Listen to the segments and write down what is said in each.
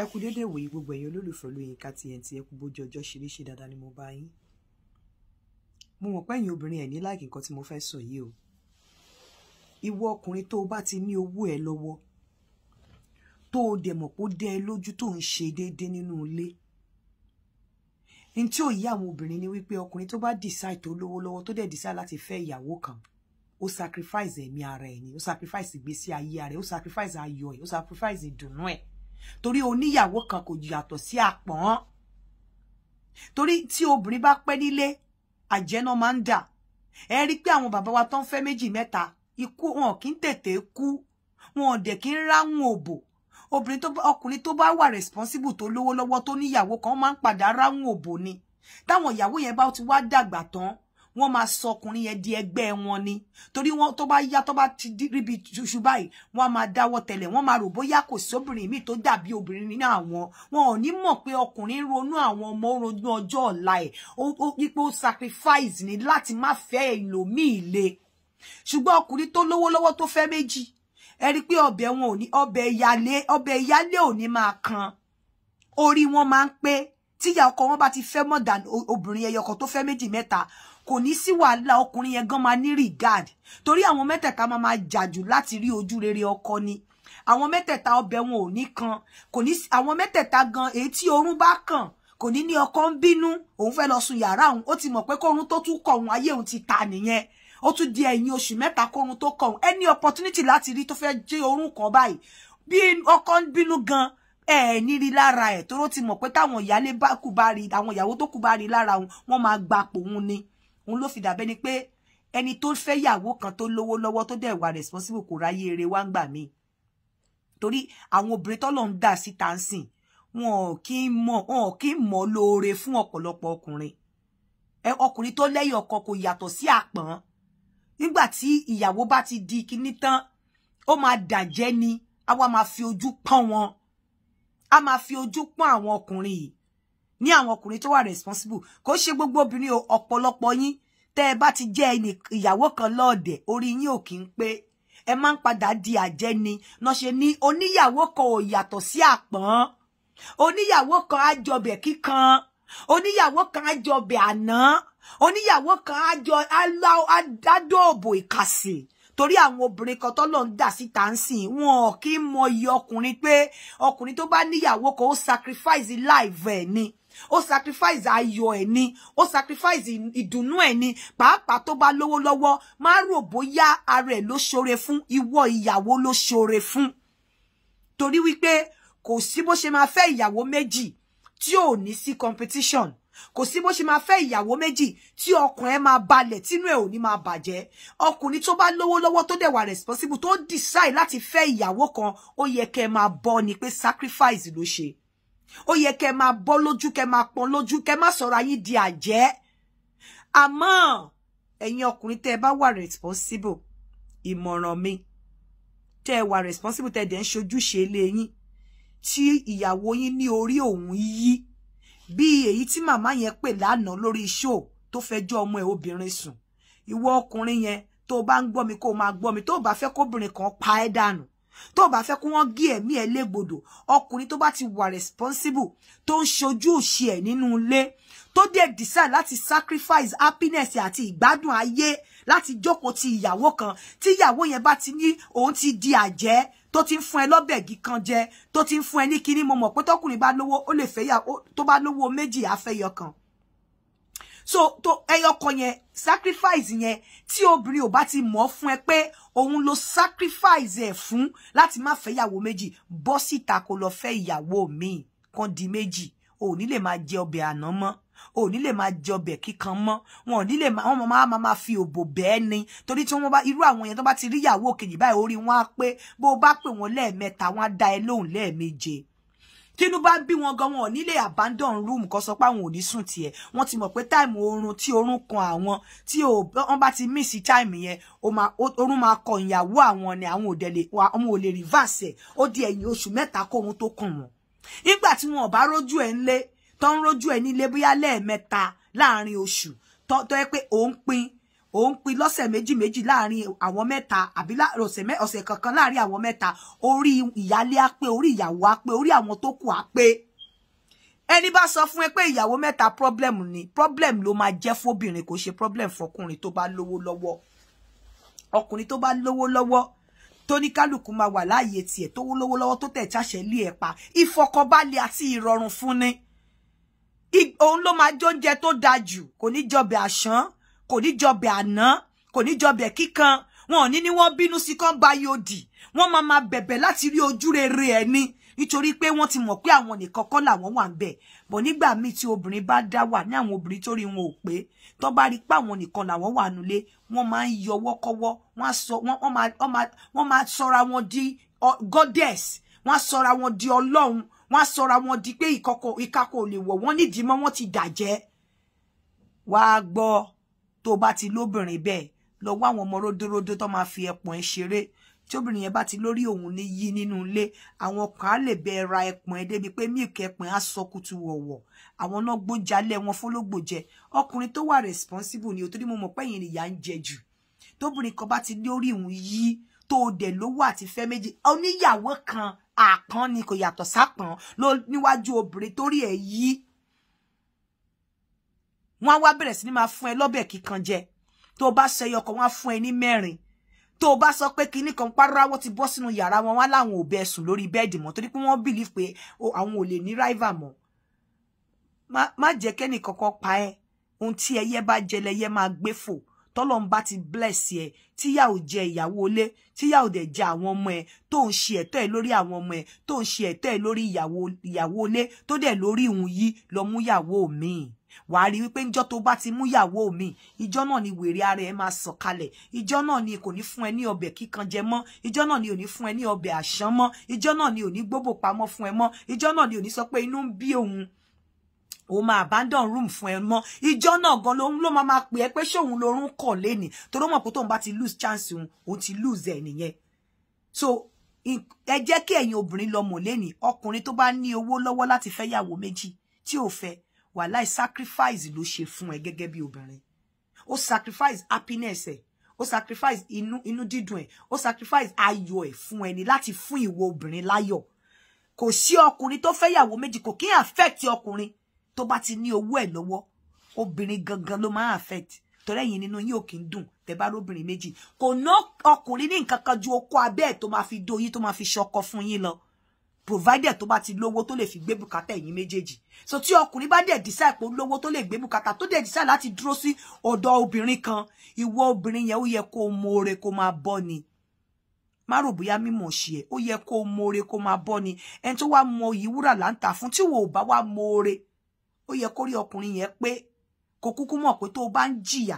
ẹ kú déédéé wòye gbogbo ẹ̀yin olólùfẹ́ Olóyinka TNT ẹ kú bójú ọjọ́ ṣeré ṣe dáadáa ni mo bá yín mo mọ̀ pé ẹ̀yin obìnrin ẹ̀ ní láìkí nǹkan tí mo fẹ́ sọ yìí o ìwọ ọkùnrin tó o bá ti ní owó ẹ lọ́wọ́ tó o dẹ̀ mọ̀ pé ó dẹ́ ẹ lójú tó ń ṣe déédéé nínú ilé n tí àwọn obìnrin ni wípé ọkùnrin tó bá decide tó lówó lọ́wọ́ tó dẹ̀ decide láti fẹ́ ìyàwó kan ó sacrifice ẹ̀mí ara ẹ̀ ni ó sacrifice ìgbésí ayé ara ẹ̀ ó sacrifice ayọ̀ ẹ̀ ó sacrifice ìdùnnú ẹ̀ torí oníyàwó kan kò yàtọ̀ sí àpọ́n torí tí obìnrin bá pẹ́ nílé àjẹ́nà máa ń dà ẹ rí i pé àwọn bàbá wa tó ń fẹ́ méjì mẹ́ta ikú wọn kì í tètè kú wọn dẹ̀ kì í ráhùn òbò obìnrin tó ọkùnrin tó bá wà responsible tó lówó lọ́wọ́ tó níyàwó kan máa ń padà ráhùn òbò ni táwọn ìyàwó yẹn bá ti wá dàgbà tán wọ́n máa sọ ọkùnrin yẹn di ẹgbẹ́ wọn ni torí wọ́n tó bá yá tó bá ti ríbi ṣuṣu báyìí wọ́n á máa dáwọ́ tẹ̀lẹ̀ wọ́n máa rò bóyá kò sí obìnrin míì tó dàbí obìnrin nínú àwọn wọn ò ní mọ̀ pé ọkùnrin ronú àwọn ọmọ ronú ọjọ́ sacrifice ni láti má fẹ́ ẹlòmíì le ṣùgbọ́n ọkùnrin tó lówó lọ́wọ́ tó fẹ́ méjì ẹ rí pé ọbẹ̀ wọn oni ní ọbẹ̀ ìyálé ọbẹ̀ ìyálé ò kan orí wọn máa ń pé tíyà ọkọ wọn bá ti fẹ́ mọ̀ dàn obìnrin ẹyọ kan tó fẹ́ méjì mẹ́ta kò ní sí wàhálà ọkùnrin yẹn gan máa ní regard torí àwọn mẹ́tẹ̀ẹ̀ta máa máa jàjù láti rí ojú rere ọkọ ni àwọn mẹ́tẹ̀ẹ̀ta ọbẹ̀ wọn ò ní kan kò ní àwọn mẹ́tẹ̀ẹ̀ta gan èyí tí oorun bá kàn kò ní ní ọkọ ń bínú òun fẹ́ lọ sùn yàrá òun ó ti mọ̀ pé kórun tó tún kọ̀ òun ayé òun ti ta nìyẹn ó tún di ẹ̀yìn oṣù mẹ́ta kórun tó kọ̀ òun any opportunity láti rí tó fẹ́ jẹ́ oorun kan báyìí bí ọkọ ń gan ẹ ní rí lára ẹ tóró ti mọ̀ pé táwọn ìyálé bá kú bá rí àwọn ìyàwó tó kú bá rí lára wọn wọn máa gba àpò òun ni òun ló fi dàbẹ́ ni pé ẹni tó fẹ́ yàwó kan tó lówó lọ́wọ́ tó dẹ̀ wà responsible kò ráyé eré wá ń gbà mí torí àwọn obìnrin tọ́lọ̀ ń dà síta ń sìn wọn ò kí ń mọ̀ wọn ò kí ń mọ̀ lóore fún ọ̀pọ̀lọpọ̀ ọkùnrin ẹ ọkùnrin tó lẹ́yìn ọkọ kò yàtọ̀ sí àpọ́n nígbà tí ìyàwó bá ti di kinní tán ó máa dàjẹ́ ni àwa máa fi ojú pọ́n wọn a máa fi ojú pọ́n àwọn ọkùnrin yìí ní àwọn ọkùnrin tó wà responsible kò ṣe gbogbo obìnrin o ọ̀pọ̀lọpọ̀ yín tẹ́ ẹ bá ti jẹ́ ìyàwó kan lọ́ọ̀dẹ̀ orí yín ò kí ń pé ẹ máa ń padà di àjẹni náà ṣe ní oníyàwó kan ò yàtọ̀ sí àpọ́n oníyàwó kan àjọbẹ̀ kíkan oníyàwó kan àjọbẹ̀ àná oníyàwó kan àjọ adóòbò ìkàsì torí àwọn obìnrin kan tọ́lọ̀ ń dà síta ń sìn wọn kì í mọ iye ọkùnrin pé ọkùnrin tó bá níyàwó kan ó sacrifice life ẹ̀ ni ó sacrifice ayọ̀ ẹ̀ ni ó sacrifice ìdùnnú ẹ̀ ni pàápàá tó bá lówó lọ́wọ́ má rò bóyá ara ẹ̀ ló ṣoore fún ìwọ ìyàwó ló ṣoore fún torí wípé kò sí bó ṣe máa fẹ́ ìyàwó méjì tí ò ní sí competition kò sí bó ṣe máa fẹ́ ìyàwó méjì tí ọkàn ẹ̀ máa balẹ̀ tínú ẹ̀ ò ní máa bàjẹ́ ọkùnrin tó bá lówó lọ́wọ́ tó dẹ̀ responsible tó decide láti fẹ́ ìyàwó kan ó yẹ kẹ́ máa bọ́ ni pé sacrifice ló ṣe ó yẹ kẹ́ máa bọ́ lójú kẹ́ máa pọ́n lójú kẹ́ má sọ̀rọ̀ ayé di àjẹ́ àmọ́ ẹ̀yin ọkùnrin tẹ́ ẹ bá wà responsible ìmọ̀ràn mi tẹ́ ẹ wà responsible tẹ́ ẹ dẹ̀ ń ṣojúṣe lé yín tí ìyàwó yín ní orí òun yí bíi èyí tí màmá yẹn pè lánàá lórí show tó fẹjọ́ ọmọ ẹ̀ obìnrin sùn ìwọ ọkùnrin yẹn tó bá ń gbọ́ mi kó máa gbọ́ mi tó bá fẹ́ kóbìnrin kan pa ẹ́ dànù tó bá fẹ́ kó wọ́n gé ẹ̀mí ẹ̀ légbodò ọkùnrin tó bá ti wà responsible tó ń ṣojú òṣì ẹ̀ nínú ilé tó dẹ̀ decide láti sacrifice happiness àti ìgbádùn ayé láti jókòó ti ìyàwó kan tí ìyàwó yẹn bá ti ní òun ti di àjẹ́ tó ti ń fún ẹ lọ́bẹ̀gì kan jẹ tó ti ń fún ẹ ní kinní mo mọ̀ pé tọkùnrin bá lówó ó lè fẹ́ yà tó bá lówó méjì á fẹ́ kan so to ẹyọkọ yẹn sacrifice yẹn tí obìnrin ò bá ti mọ̀ fún ẹ pé òun ló sacrifice ẹ fún láti má fẹ́ ìyàwó méjì bọ́ síta kó lọ fẹ́ ìyàwó míì kan di méjì ò ní lè máa jẹ ọbẹ̀ àná ò ni le ma jobe kíkan mọ́ wọn ò ní lè máa wọn máa máa fi òbò bẹ́ẹ̀ ni torí tí wọ́n bá irú àwọn yẹn tó ba ti rí ìyàwó kejì báyìí orí wọn á pé bó o bá pè wọ́n lẹ́ẹ̀mẹ́ta wọ́n á dá ẹ lóhùn lẹ́ẹ̀méje tínú bá bí wọn gan wọn ò nílé abandon room kan sọ pé àwọn ò ní sùn tiẹ̀ wọ́n ti mọ̀ pé táìmù oorun tí oorun kan àwọn tí wọ́n bá ti mísì táìmù yẹn oorun máa kọ ìyàwó àwọn ni àwọn ò lè reverse ẹ̀ di ẹ̀yìn oṣù mẹ́ta kóorun tó kàn wọ́n nígbà tí wọn ò bá rójú ẹ̀ ń tó ń rójú ẹ nílé bóyá lẹ́ẹ̀mẹ́ta láàrin oṣù tó tó yẹ pé òun pin òun pin lọ́sẹ̀ méjì méjì láàrin àwọn mẹ́ta àbí ọ̀sẹ̀ kankan láàrin àwọn mẹ́ta orí ìyálé á pé orí ìyàwó á pé orí àwọn tó kù á pé ẹni bá sọ fún ẹ pé ìyàwó mẹ́ta problem ni problem ló máa jẹ́ fóbìnrin kò ṣe problem fọkùnrin tó bá lówó lọ́wọ́ ọkùnrin tó bá lówó lọ́wọ́ tó ní kálukú máa wà láàyè tiẹ̀ tó wó lówó lọ́wọ́ tó tẹ̀ jáṣẹ́ lé ẹ̀ pa ìfọkànbalẹ̀ àti ìrọ̀rùn fún ni òun ló máa jóúnjẹ tó dáa jù kò ní jọbẹ̀ àṣán kò ní jọbẹ̀ àná kò ní jọbẹ̀ kíkan wọn ò ní ní wọ́n bínú sí kán bá yòdì wọ́n máa máa bẹ̀bẹ̀ láti rí ojú rere ẹ̀ ni nítorí pé wọ́n ti mọ̀ pé àwọn nìkan kọ́ làwọn wà ń bẹ̀ bọ̀ nígbà míì tí obìnrin bá dá wà ní àwọn obìnrin tó rí wọn ò pé tó bá rí pé àwọn nìkan làwọn wà nulẹ̀ wọ́n máa ń yọwọ́ kọ́wọ́ wọ́n máa sọra wọn di goddess wọ́n á sọra wọn di ọlọ́run wọ́n sọra wọn di pé ìkọkọ ìkakọ ò lè wọ̀ wọ́n nídìí mọ́ wọ́n ti dàjẹ́ wàá gbọ́ tó bá ti lóbìnrin bẹ́ẹ̀ lọ wá àwọn ọmọ ródóródó tó máa fi ẹpọ̀n ẹ ṣeré tí obìnrin yẹn bá ti lórí òun ní yí nínú ilé àwọn kan á lè bẹ ra ẹpọ̀n ẹ débi pé mílìkì ẹpọ̀n á sọ kutu wọ̀wọ̀ àwọn náà gbójalẹ wọn fọlọgbòjẹ ọkùnrin tó wà responsible ni o torí mo mọ̀ pé ẹ̀yin ń jẹ jù tóbìnrin kan bá ti lórí òun yí tó dẹ̀ lówó àti fẹ́ méjì oníyàwó kan àpọ́n ni kò yàtọ̀ sápọ́n ló níwájú obìnrin torí ẹ̀ yí wọ́n á wá bẹ̀rẹ̀ sí ni máa fún ẹ lọ́bẹ̀ kíkan jẹ tó bá ṣẹyọ kan wọ́n á fún ẹ ní mẹ́rin tó bá sọ pé kinní kan párọ́wọ́ ti bọ́ sínú yàrá wọn wá láwọn ò bẹ sùn lórí bẹ́ẹ̀dì mọ́ torí pé wọ́n bìlí pé àwọn ò lè ní ráìvà mọ́ má jẹ́ kẹ́nì kankan pa ẹ́ ohun tí ẹyẹ bá jẹ lẹyẹ máa gbé fò tọ́lọ́run bá ti bless ẹ tíyà ò jẹ ìyàwó ilé tíyà ò dẹ̀ jẹ àwọn ọmọ ẹ tó ń ṣe ẹ̀tọ́ ẹ lórí àwọn ọmọ ẹ tó ń ṣe ẹ̀tọ́ ẹ lórí ìyàwó ilé tó dẹ̀ lórí ìhun yìí lọ mú yàwó míì wà á rí wípé níjọ́ tó bá ti mú yàwó mi ìjọ́ náà ni wèrè ara ẹ máa sọ̀kalẹ̀ ìjọ́ náà ni kò ní fún ẹ ní ọbẹ̀ kíkan jẹ mọ́ ìjọ́ náà ni ò ní fún ẹ ní ọbẹ̀ àṣán mọ́ ìjọ́ náà ni ò ní gbóbò pamọ́ fún ẹ mọ́ ìjọ́ náà ni ò ní sọ pé inú ń bí òun o máa abandon room fún ẹ mọ́ ìjọ náà gan ló ló máa máa pè ẹ́ pé ṣóun lorun kọ̀ lénìí torí mọ̀ pé tóun bá ti lose chance òun òun ti lose ẹ̀ nìyẹn so ẹ jẹ́ kí ẹ̀yin obìnrin lọ mọ̀ lénìí ọkùnrin tó bá ní owó lọ́wọ́ láti fẹ́ yàwó méjì tí ò fẹ́ wàláì sacrifice ló ṣe fún ẹ gẹ́gẹ́ bí obìnrin ó sacrifice happiness ẹ̀ ó sacrifice inu inú dídùn ẹ̀ ó sacrifice ayọ̀ ẹ̀ fún ẹni láti fún ìwọ obìnrin láyọ̀ kò sí ọkùnrin tó fẹ́ yàwó méjì kò kí affect ọkùnrin tó bá ti ní owó ẹ̀ lọ́wọ́ obìnrin gangan ló máa affect tọ́lẹ̀ yìí nínú yín ò kí ń dùn tẹ́ bá lóbìnrin méjì kò ná ọkùnrin ní kan ju okó abẹ́ ẹ̀ tó fi dó yín tó máa fi ṣọkọ fún yín lọ provided tó bá ti lówó tó lè fi gbé bùkátà ẹ̀yin méjèèjì so tí ọkùnrin bá dẹ̀ decide pé lówó tó lè gbé bùkátà tó dẹ̀ decide láti dúró sí ọ̀dọ̀ obìnrin kan iwo obìnrin yẹn ó yẹ kó mọ̀ọ́rẹ́ kó máa bọ́ ni má rò bóyá mímọ̀ ṣe ẹ̀ ó yẹ kó mọ̀ọ́rẹ́ kó ni ẹni tó wá mọ ìwúrà láǹtà fún tí wò ó bá wá ó yẹ kó rí ọkùnrin yẹn pé kò kúkú mọ̀ pé tó o bá ń jìyà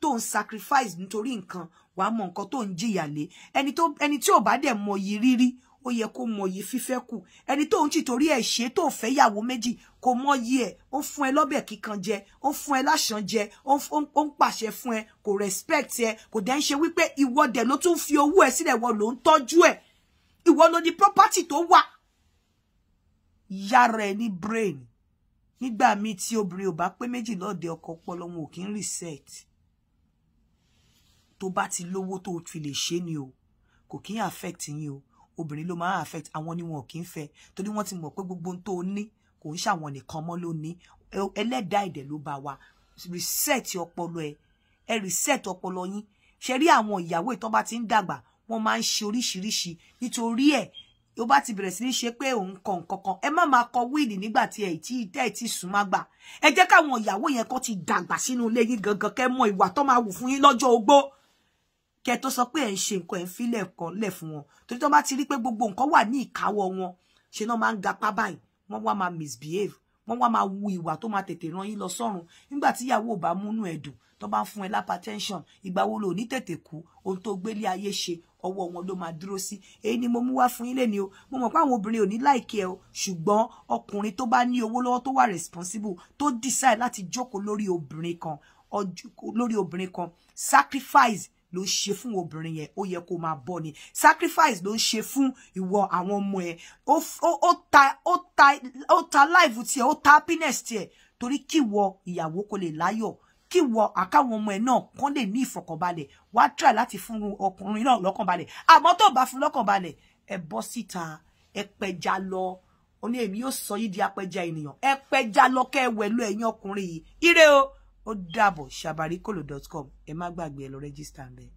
tó ń sacrifice nítorí nǹkan wàá mọ nǹkan le ń jìyà lé ẹni tó ẹni tí ò bá dẹ̀ mọyì rírí ó yẹ kó mọyì fífẹ́ kù ẹni tó ń tì torí ẹ̀ ṣe tó fẹ́ yàwó méjì kò mọyì ẹ̀ ó fún ẹ lọ́bẹ̀ kíkan jẹ ó fún ẹ láṣan jẹ ó ń pàṣẹ fún ẹ kò respect ẹ kò dẹ̀ ń ṣe wípé ìwọ dẹ̀ ló tún fi owó ẹ sílẹ̀ wọ ló ń tọ́jú ẹ ìwọ ló ní property to wa yára ni brain nígbà míì tí obìnrin ò bá pé méjì lọ́ọ̀dẹ ọkọ ọpọlọ wọn ò kí ń reset tó bá ti lówó tó fi lè ṣe ni o kò kí ń affect yín o obìnrin ló máa affect àwọn ni wọn ò kí ń fẹ́ torí wọ́n ti mọ̀ pé gbogbo ohun tó ní kò ń ṣàwọn nìkan mọ́ ló ẹlẹ́dàá ìdẹ̀ ló bá wa reset ọpọlọ ẹ ẹ reset ọpọlọ yín ṣe rí àwọn ìyàwó ìtọ́ bá ti ń dàgbà wọ́n máa ń ṣe oríṣiríṣi nítorí ẹ̀ tó bá ti bẹ̀rẹ̀ sí ní ṣe pé òun kọ nǹkan kan ẹ má máa kọ wíìlì nígbà tí ẹ tí tẹ́ ẹ ti sùn má gbà ẹ jẹ́ káwọn ìyàwó yẹn kó ti dàgbà sínú ilé yín gangan kẹ́ mọ ìwà tó máa wù fún yín lọ́jọ́ ogbó kẹ́ tó sọ pé ẹ ń ṣe nǹkan ẹ ń fi lẹ́ẹ̀kan lẹ̀ fún wọn torí tó ti rí pé gbogbo nǹkan wà ní ìkáwọ́ wọn ṣe náà máa ń gapá báyìí wọ́n wá máa misbehave wọ́n wá máa wu ìwà tó máa tètè ràn yín lọ sọ́run nígbà tí ìyàwó ò bá múnú ẹ̀dùn tó bá ń fún ẹ lápá tẹ́ńṣọ̀n ìgbà wo lò ní tètè kú ohun tó gbélé ọwọ́ wọn ló máa dúró sí èyí ni mo mú wá fún yín lẹ́ni o mo mọ̀ pé àwọn obìnrin ò ní láìkẹ́ ẹ o ṣùgbọ́n ọkùnrin tó bá ní owó lọ́wọ́ tó wà responsible tó decide láti jókòó lórí obìnrin kan lórí obìnrin kan sacrifice ló ń ṣe fún obìnrin yẹn ó yẹ kó máa bọ́ ni sacrifice ló ń ṣe fún ìwọ àwọn ọmọ ẹ ó ta ó ta ó ta life tiẹ̀ ó ta happiness tiẹ̀ torí kíwọ ìyàwó kò lè láyọ̀ kí wọ àkáwọn ọmọ ẹ náà kán lè ní ìfọ̀kànbalẹ̀ wàá try láti fún ọkùnrin náà lọ́kànbalẹ̀ àmọ́ tó bá fún lọ́kànbalẹ̀ ẹ bọ́ síta ẹ pẹja lọ ó ní èmi yóò sọ yín di apẹja ènìyàn ẹ pẹja lọ kẹ wẹlú ẹ̀yin ọkùnrin yìí ire o ó dàbọ̀ sabarikolo dot com ẹ má gbàgbé ẹ lọ